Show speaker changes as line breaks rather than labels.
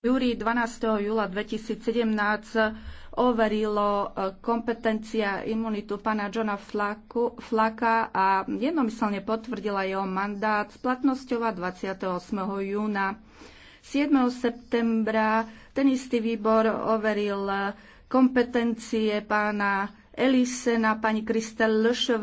Júri 12. júla 2017 overilo e, kompetencia imunitu pána Johna Flaku, Flaka a jednomyselne potvrdila jeho mandát s platnosťou 28. júna. 7. septembra ten istý výbor overil e, kompetencie pána Elisena, pani Kristel Lšova,